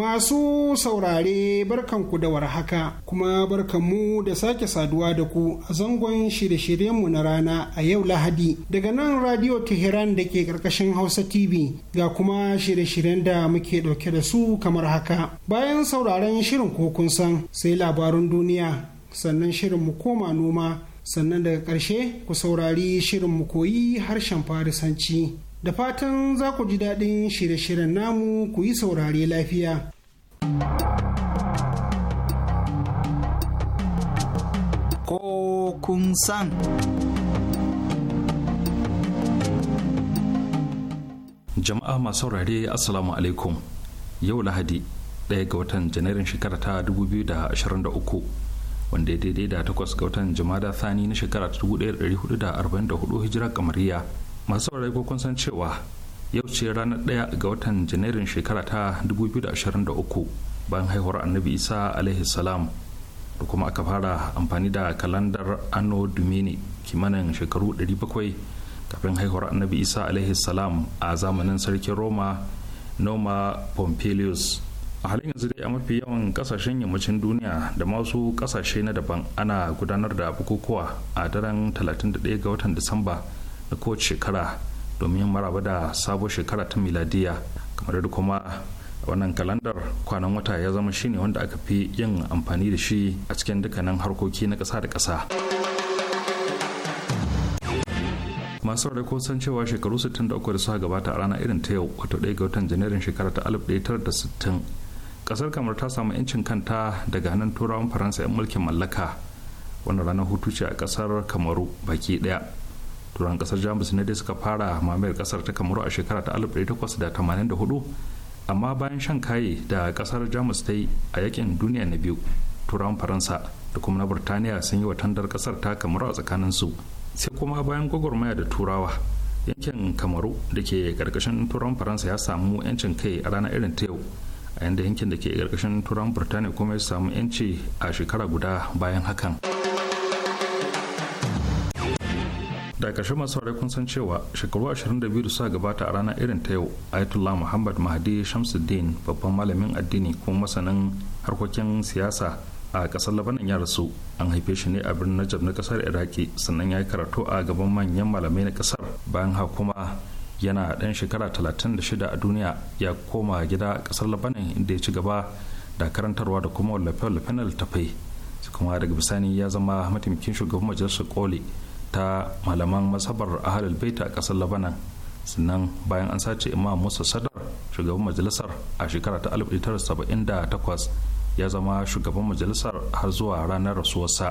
Masu saurare barkanku da warhaka kuma barkanmu da sake saduwa da ku a zangon shirye-shiryenmu na rana a yau Lahadi daga nan Radio Tehran da ke karkashin Hausa TV ga kuma shirye-shiryen da muke ɗauke da su kamar haka. Bayan sauraren shirin kokun san sai labarun duniya sannan shirin mu koma noma sannan daga ƙarshe ku saurari shirin mu koyi harshen Farisanci. Da fatan za ku ji daɗin shirye-shiryen namu ku yi saurare lafiya. Ko kun san. Jama'a masu saurare Assalamu alaikum yau Lahadi ɗaya ga watan Janairun shekara ta 2023. wanda ya daidai da takwas ga watan da thani na shekara 1444 hijira kamariya masu saurari ko kun san cewa yau ce ranar ɗaya ga watan janairun shekara ta 2023 bayan haihuwar annabi isa alaihi salam da kuma aka fara amfani da kalandar anno domini kimanin shekaru 700 kafin haihuwar annabi isa alaihi salam a zamanin sarkin roma noma pompilius a halin yanzu dai a mafi yawan kasashen yammacin duniya da masu kasashe na daban ana gudanar da bukukuwa a daren 31 ga watan disamba na kowace shekara domin maraba da sabuwar shekara ta miladiya kamar da kuma wannan kalandar kwanan wata ya zama shine wanda aka fi yin amfani da shi a cikin dukkanin harkoki na ƙasa da ƙasa masu rai ko san cewa shekaru 63 da suka gabata a rana irin ta yau wato ɗaya ga watan janairun shekara ta 1960 ƙasar kamar ta samu 'yancin kanta daga hannun turawan faransa 'yan mulkin mallaka wannan ranar hutu ce a ƙasar kamaru baki ɗaya turan kasar jamus ne dai suka fara mamayar kasar ta kamaru a shekara ta 1884 amma bayan shan kaye da kasar jamus ta yi a yakin duniya na biyu turan faransa da kuma na burtaniya sun yi wa tandar kasar ta kamaru a tsakanin su sai kuma bayan gwagwarmaya da turawa yankin kamaru da ke karkashin turan faransa ya samu yancin kai a ranar irin ta yau a yanda yankin da ke karkashin turan burtaniya kuma ya samu yanci a shekara guda bayan hakan. da ƙarshe masu saurari kun san cewa shekaru 22 da suka gabata a ranar irin ta yau ayatollah muhammad mahdi shamsuddin babban malamin addini kuma masanin harkokin siyasa a ƙasar labanan ya rasu an haife shi ne a birnin najab na ƙasar iraki sannan ya yi karatu a gaban manyan malamai na kasar bayan hakuma kuma yana dan shekara 36 a duniya ya koma gida kasar labanan inda ya ci gaba da karantarwa da kuma wallafe-wallafe na littafai kuma daga bisani ya zama mataimakin shugaban majalisar koli ta malaman masabar ahalul baita a kasar labanan sannan bayan an sace imam musa sadar shugaban majalisar a shekara ta 1978 ya zama shugaban majalisar har zuwa ranar rasuwarsa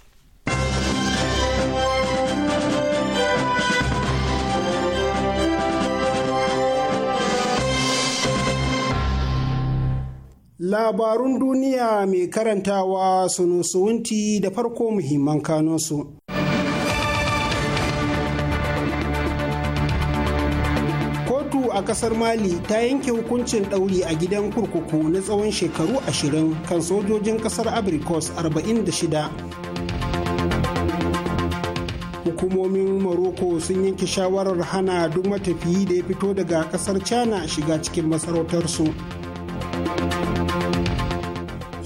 Labarun duniya mai karantawa sunusuwunti da farko muhimman kanunsu. Kotu a ƙasar Mali ta yanke hukuncin ɗauri a gidan kurkuku na tsawon shekaru ashirin kan sojojin kasar Abrikos 46. hukumomin Morocco sun yanke shawarar hana duk matafiyi da ya fito daga kasar China shiga cikin masarautarsu.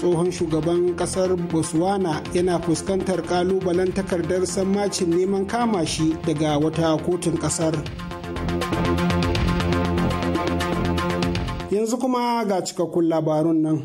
tsohon shugaban kasar botswana yana fuskantar kalubalen takardar sammacin neman kama shi daga wata kotun kasar yanzu kuma ga cikakkun labarun nan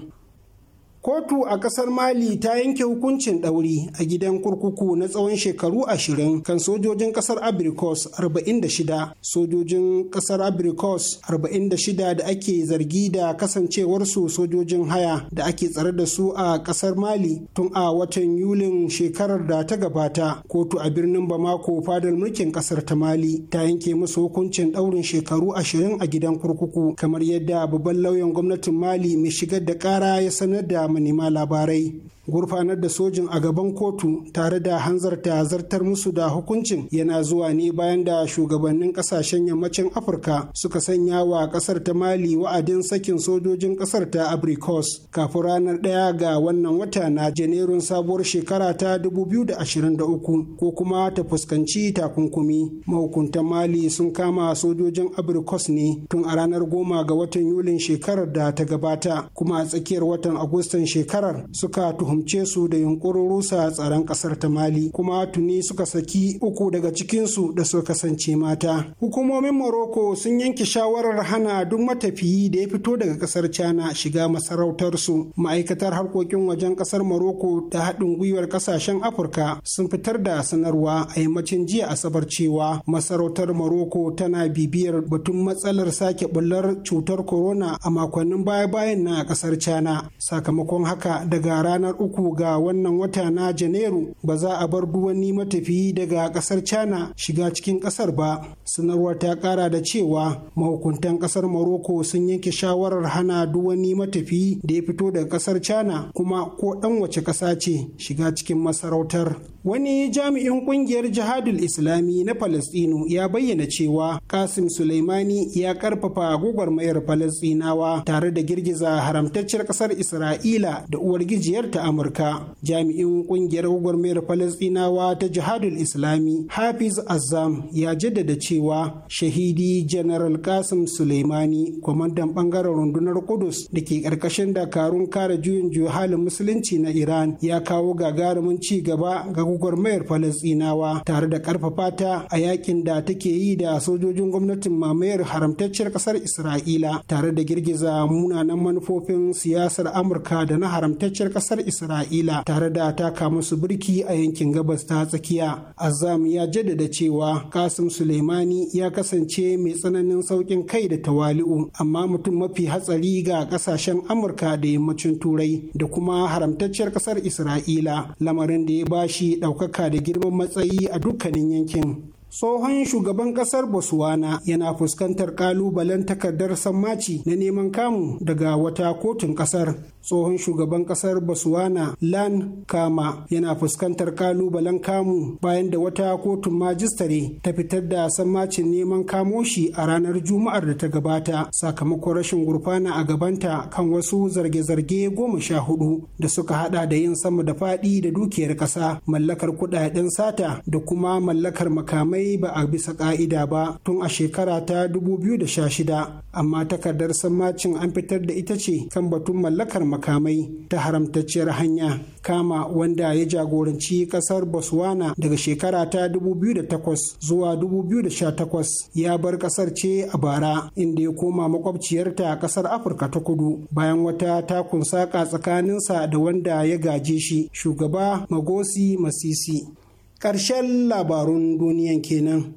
Kotu a ƙasar Mali ta yanke hukuncin ɗauri a gidan kurkuku na tsawon shekaru ashirin kan sojojin ƙasar Abrikos 46, sojojin ƙasar Abirikos 46 da ake zargi da kasancewarsu sojojin haya da ake tsare da su a ƙasar Mali tun a watan Yulin shekarar da ta gabata. Kotu a birnin Bamako fadar mulkin ƙasar ta Mali ta yanke musu hukuncin ɗaurin shekaru ashirin a gidan kurkuku kamar yadda babban lauyan gwamnatin Mali mai shigar da kara ya sanar da manema labarai gurfanar da sojin a gaban kotu tare da hanzarta zartar musu da hukuncin yana zuwa ne bayan da shugabannin kasashen yammacin afirka suka sanya wa kasar ta mali wa'adin sakin sojojin kasar ta Abrikos. kafin ranar ɗaya ga wannan wata na janairun sabuwar shekara ta 2023 ko kuma ta fuskanci takunkumi mahukuntan mali sun kama sojojin abricos ne tun a ranar goma ga watan yulin shekarar da ta gabata kuma a tsakiyar watan agustan shekarar suka tuhumi rungumce su da yunkurin rusa tsaron kasar ta mali kuma tuni suka saki uku daga cikin su da suka kasance mata hukumomin morocco sun yanke shawarar hana duk matafiyi da ya fito daga kasar china shiga masarautar su ma'aikatar harkokin wajen kasar morocco ta haɗin gwiwar kasashen afirka sun fitar da sanarwa a yammacin jiya asabar cewa masarautar morocco tana bibiyar batun matsalar sake bullar cutar corona a makonnin baya-bayan na kasar china sakamakon haka daga ranar uku ga wannan wata na janairu ba za a bar duwani matafiyi daga kasar china shiga cikin kasar ba sanarwar ta kara da cewa mahukuntan kasar morocco sun yanke shawarar hana duwani matafiyi da ya fito daga kasar china kuma ko dan wace kasa ce shiga cikin masarautar wani jami'in kungiyar jihadul islami na palestino ya bayyana cewa kasim suleimani ya karfafa mayar palestinawa tare da girgiza haramtacciyar kasar isra'ila da uwargijiyarta amurka jami'in kungiyar gwagwarmayar falastinawa ta jihadul islami hafiz azam ya jaddada cewa shahidi general kasim suleimani kwamandan bangaren rundunar kudus da ke ƙarƙashin dakarun kare juyin juhalin musulunci na iran ya kawo gagarumin ci gaba ga gwagwarmayar falastinawa tare da ƙarfafa ta a yakin da take yi da sojojin gwamnatin mamayar haramtacciyar ƙasar isra'ila tare da girgiza munanan manufofin siyasar amurka da na haramtacciyar ƙasar isra'ila isra'ila tare da taka musu birki a yankin gabas ta tsakiya azam ya jaddada cewa kasim suleimani ya kasance mai tsananin saukin kai da tawali'u amma mutum mafi hatsari ga kasashen amurka da yammacin turai da kuma haramtacciyar kasar isra'ila lamarin da ya bashi ɗaukaka da girman matsayi a dukkanin yankin tsohon shugaban kasar botswana yana fuskantar kalubalen takardar sammaci na neman kamu daga wata kotun kasar tsohon shugaban kasar botswana lan kama yana fuskantar kalubalen kamu bayan da wata kotun majistare ta fitar da sammacin neman kamo shi a ranar juma'ar da ta gabata sakamakon rashin gurfana a gabanta kan wasu zarge-zarge goma sha hudu da suka hada da yin sama da faɗi da dukiyar ƙasa mallakar kuɗaɗen sata da kuma mallakar makamai labarai ba a bisa ka'ida ba tun a shekara ta 2016 amma takardar sammacin an fitar da ita ce kan batun mallakar makamai ta haramtacciyar hanya kama wanda ya jagoranci kasar botswana daga shekara ta 2008 zuwa 2018 ya bar kasar ce a bara inda ya koma makwabciyarta kasar afirka ta kudu bayan wata takun saka tsakaninsa da wanda ya gaje shi shugaba magosi masisi ƙarshen labarun duniyan kenan.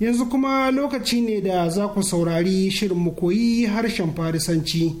Yanzu kuma lokaci ne da za ku saurari shirin mu koyi harshen Farisanci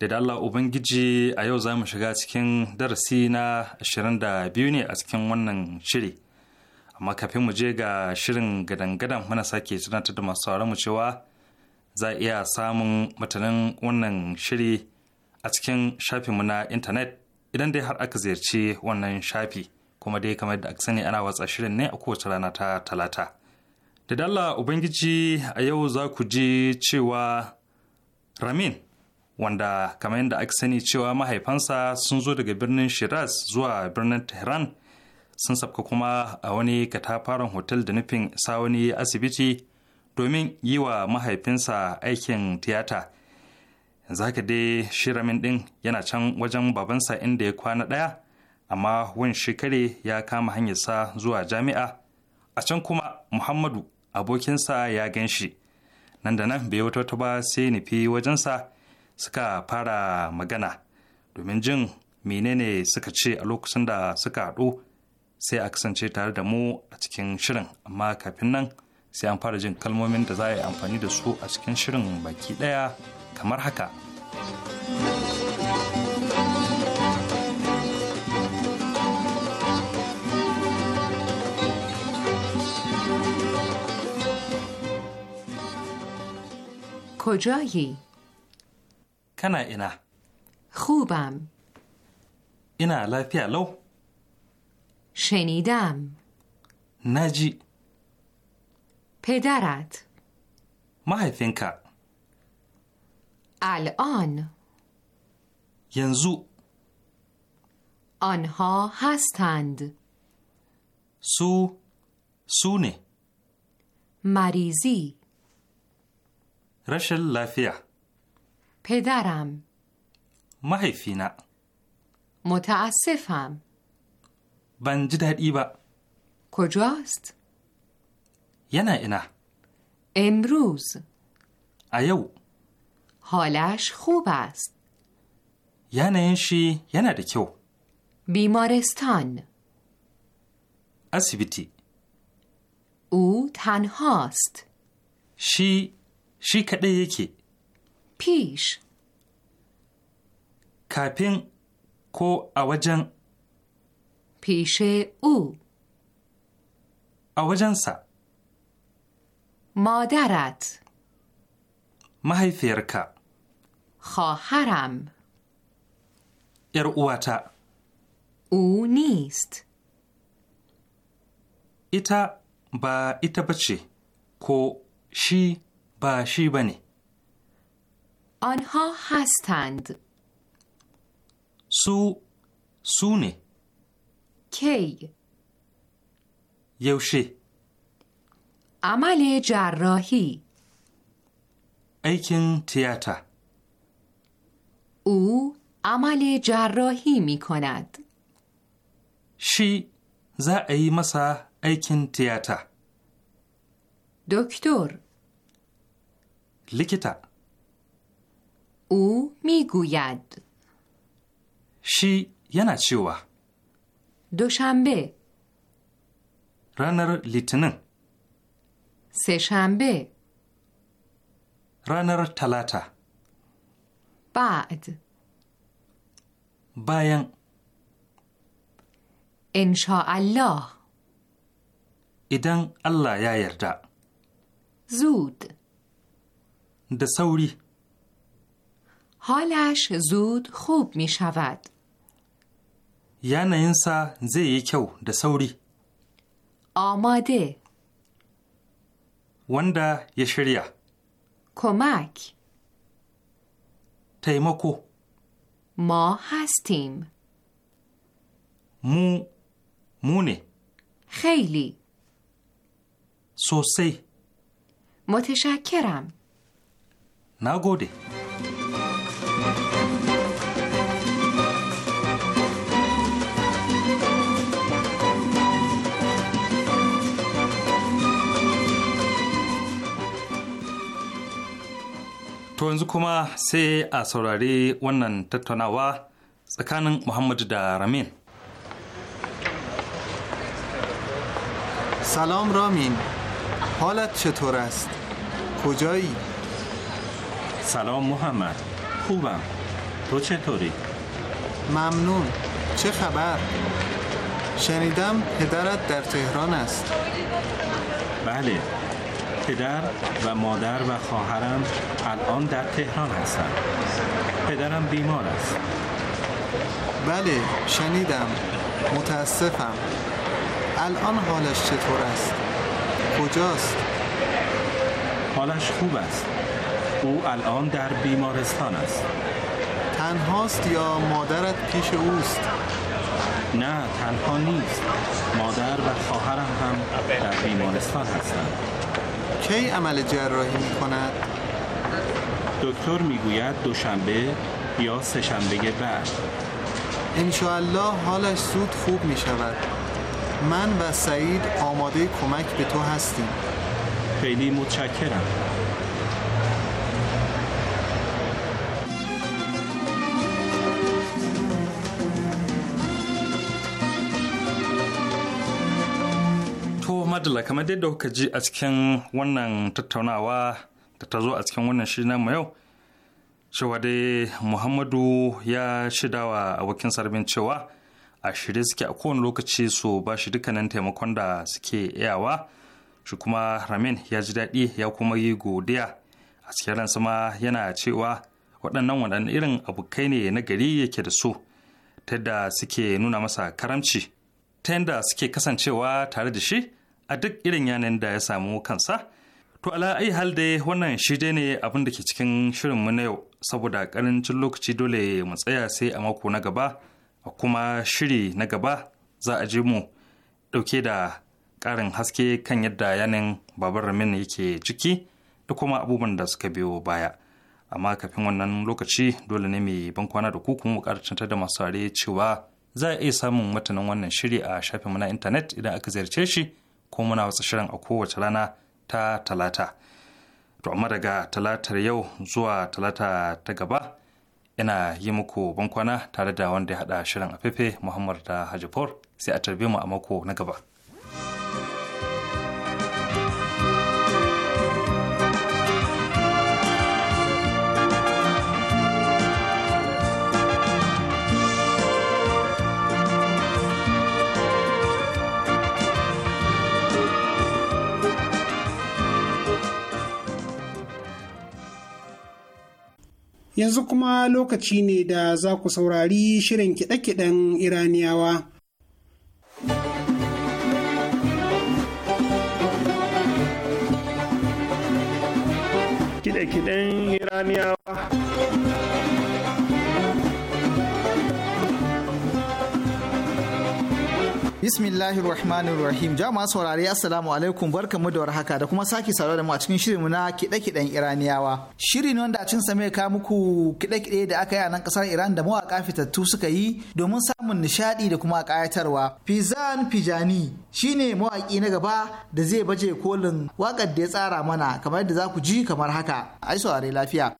da Allah Ubangiji a yau za mu shiga cikin darasi na 22 ne a cikin wannan shiri. Amma kafin mu je ga shirin gadan-gadan muna sake tunatar da masu mu cewa za a iya samun matanin wannan shiri a cikin shafinmu na intanet idan dai har aka ziyarci wannan shafi kuma dai kamar da aka sani ana watsa shirin ne a kowace rana ta talata. Da Allah Ubangiji a yau za ku ji cewa Ramin wanda kamar yadda aka sani cewa mahaifansa sun zo daga birnin shiraz zuwa birnin tehran sun sabka kuma a wani katafaren hotel da nufin sa wani asibiti domin yi wa mahaifinsa aikin tiyata yanzu haka dai shiramin din yana can wajen babansa inda ya kwana ɗaya amma wani shekare ya kama hanyarsa zuwa jami'a a can kuma muhammadu abokinsa ya gan shi nan da nan bai wata ba sai nufi wajensa suka fara magana domin jin menene suka ce a lokacin da suka haɗu sai a kasance tare da mu a cikin shirin amma kafin nan sai an fara jin kalmomin da za a yi amfani da su a cikin shirin baki ɗaya kamar haka. کجایی؟ کنه اینا خوبم اینا لافیه لو شنیدم نجی پدرت محفینکا الان ینزو آنها هستند سو سونه مریضی رشل لافیه پدرم نه متاسفم بنجی در ایبا کجاست؟ ینا اینا امروز ایو حالش خوب است اینشی یه ینا دکیو بیمارستان اسیبیتی او تنهاست شی شی کده یکی Fish? Kafin ko a wajen? Fishe u. A wajensa. Modarat. Mahaifiyarka. Kwa haram. Yar uwata. Unist. Ita ba ita bace ko shi ba shi bane. آنها هستند سو سونه کی یوشی عمل جراحی ایکن تیاتا او عمل جراحی می کند شی زا ای مسا ایکن تیاتا دکتر لیکتا او میگوید شی چی وا دوشنبه رانر لیتنن سه شنبه رانر تلاتا بعد باین الله idan الله یا yarda. زود Da سوری حالش زود خوب می شود. نه یعنی انسا زی کو سوری آماده وندا یشریا. کمک تیمکو. ما هستیم مو مونه خیلی سوسی متشکرم نگوده To yanzu kuma sai a saurari wannan tattaunawa tsakanin Muhammadu da Ramin. سلام رامین حالت چطور است؟ کجایی؟ سلام محمد خوبم تو چطوری؟ ممنون چه خبر؟ شنیدم پدرت در تهران است بله پدر و مادر و خواهرم الان در تهران هستند پدرم بیمار است بله شنیدم متاسفم الان حالش چطور است؟ کجاست؟ حالش خوب است او الان در بیمارستان است تنهاست یا مادرت پیش اوست؟ نه تنها نیست مادر و خواهرم هم در بیمارستان هستند کی عمل جراحی می کند؟ دکتر میگوید دوشنبه یا شنبه بعد انشاءالله حالش زود خوب می شود من و سعید آماده کمک به تو هستیم خیلی متشکرم madalla kamar dai da kuka ji a cikin wannan tattaunawa da ta zo a cikin wannan shi na yau cewa dai muhammadu ya shidawa abokin sarbin cewa a shirye suke a kowane lokaci su ba shi dukkanin taimakon da suke iyawa shi kuma ramin ya ji daɗi ya kuma yi godiya a cikin ransa ma yana cewa waɗannan waɗannan irin abokai ne na gari yake da su ta yadda suke nuna masa karamci ta yadda suke kasancewa tare da shi a duk irin yanayin da ya samu kansa to ala ai hal dai wannan shi dai ne abin da ke cikin shirin mu na yau saboda karancin lokaci dole mu tsaya sai a mako na gaba a kuma shiri na gaba za a je mu dauke da karin haske kan yadda yanin babar ramin yake ciki da kuma abubuwan da suka biyo baya amma kafin wannan lokaci dole ne mai ban kwana da ku kuma mu da masu cewa za a iya samun matanin wannan shiri a mu na intanet idan aka ziyarce shi ko muna wasu shirin a kowace rana ta talata to amma daga talatar yau zuwa talata ta gaba ina yi muku bankwana tare da wanda ya haɗa shirin a fefe muhammad da hajifor sai a tarbe mu a mako na gaba. yanzu kuma lokaci ne da za ku saurari shirin kiɗe-kiɗen iraniyawa kiɗe-kiɗen iraniyawa Bismillahir Rahmanir Rahim. Jama'a saurare Assalamu alaikum barkamu da warhaka da kuma sake saurare da mu a cikin mu na kide-kiden Iraniyawa. Shirin wanda a cikin sa ka muku kide-kide da aka yi a nan kasar Iran da mawaka fitattu suka yi domin samun nishadi da kuma kayatarwa. Fizan Fijani shine mawaki na gaba da zai baje kolin wakar da ya tsara mana kamar yadda za ku ji kamar haka. Ai saurare lafiya.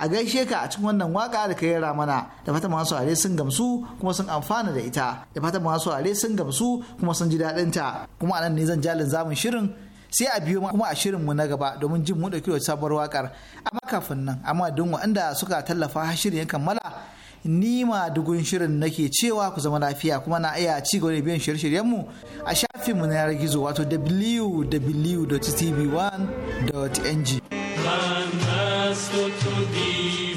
a gaishe ka a cikin wannan waka da ka yara mana da fatan masu are sun gamsu kuma sun amfana da ita da fatan masu are sun gamsu kuma sun ji daɗin ta kuma anan ne zan jalin zamun shirin sai a biyo kuma a shirin mu na gaba domin jin mu dauki sabuwar wakar amma kafin nan amma don wanda suka tallafa shirin yakan kammala ni ma dugun shirin nake cewa ku zama lafiya kuma na iya ci gaba da biyan shirye mu a shafin mu na yaran gizo wato www.tv1.ng Christo to thee.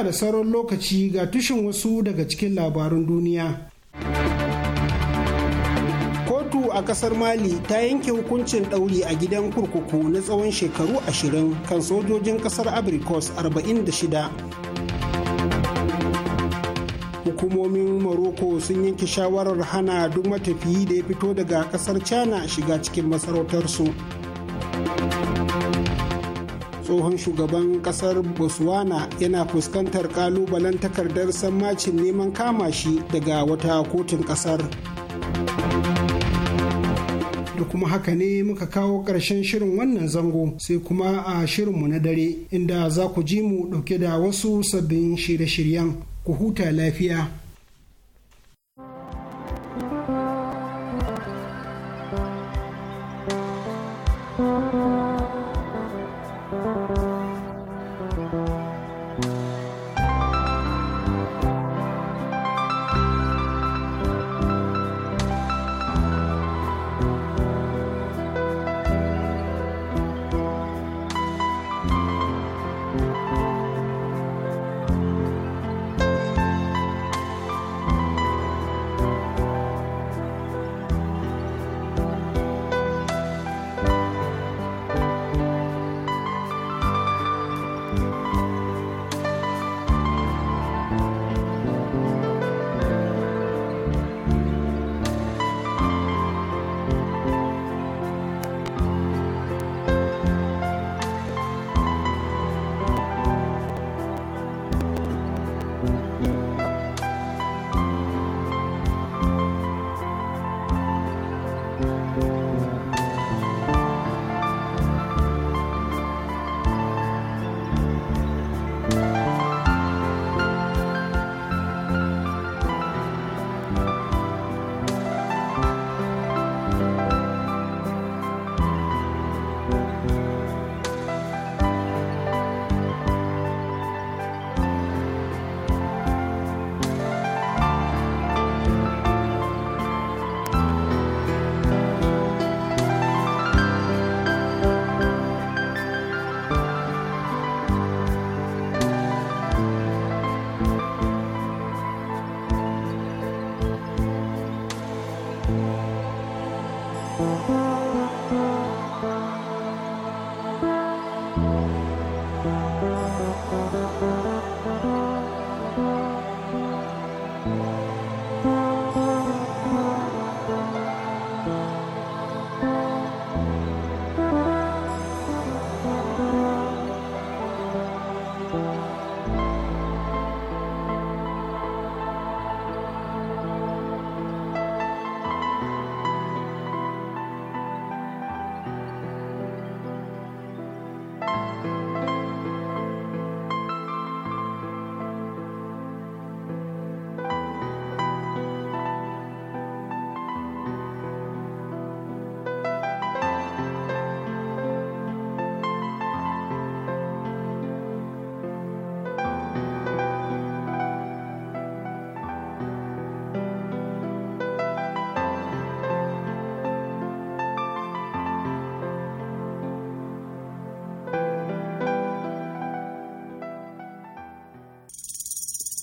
muna da sauran lokaci ga tushen wasu daga cikin labarun duniya. kotu a ƙasar mali ta yanke hukuncin ɗauri a gidan kurkuku na tsawon shekaru ashirin kan sojojin kasar abrikos 46 hukumomin morocco sun yanke shawarar hana duk matafiyi da ya fito daga kasar china shiga cikin masarautarsu tsohon shugaban kasar botswana yana fuskantar kalubalen takardar sammacin neman kama shi daga wata kotun kasar da kuma haka ne muka kawo ƙarshen shirin wannan zango sai kuma a shirinmu na dare inda za ku ji mu ɗauke da wasu sabbin shirye-shiryen ku huta lafiya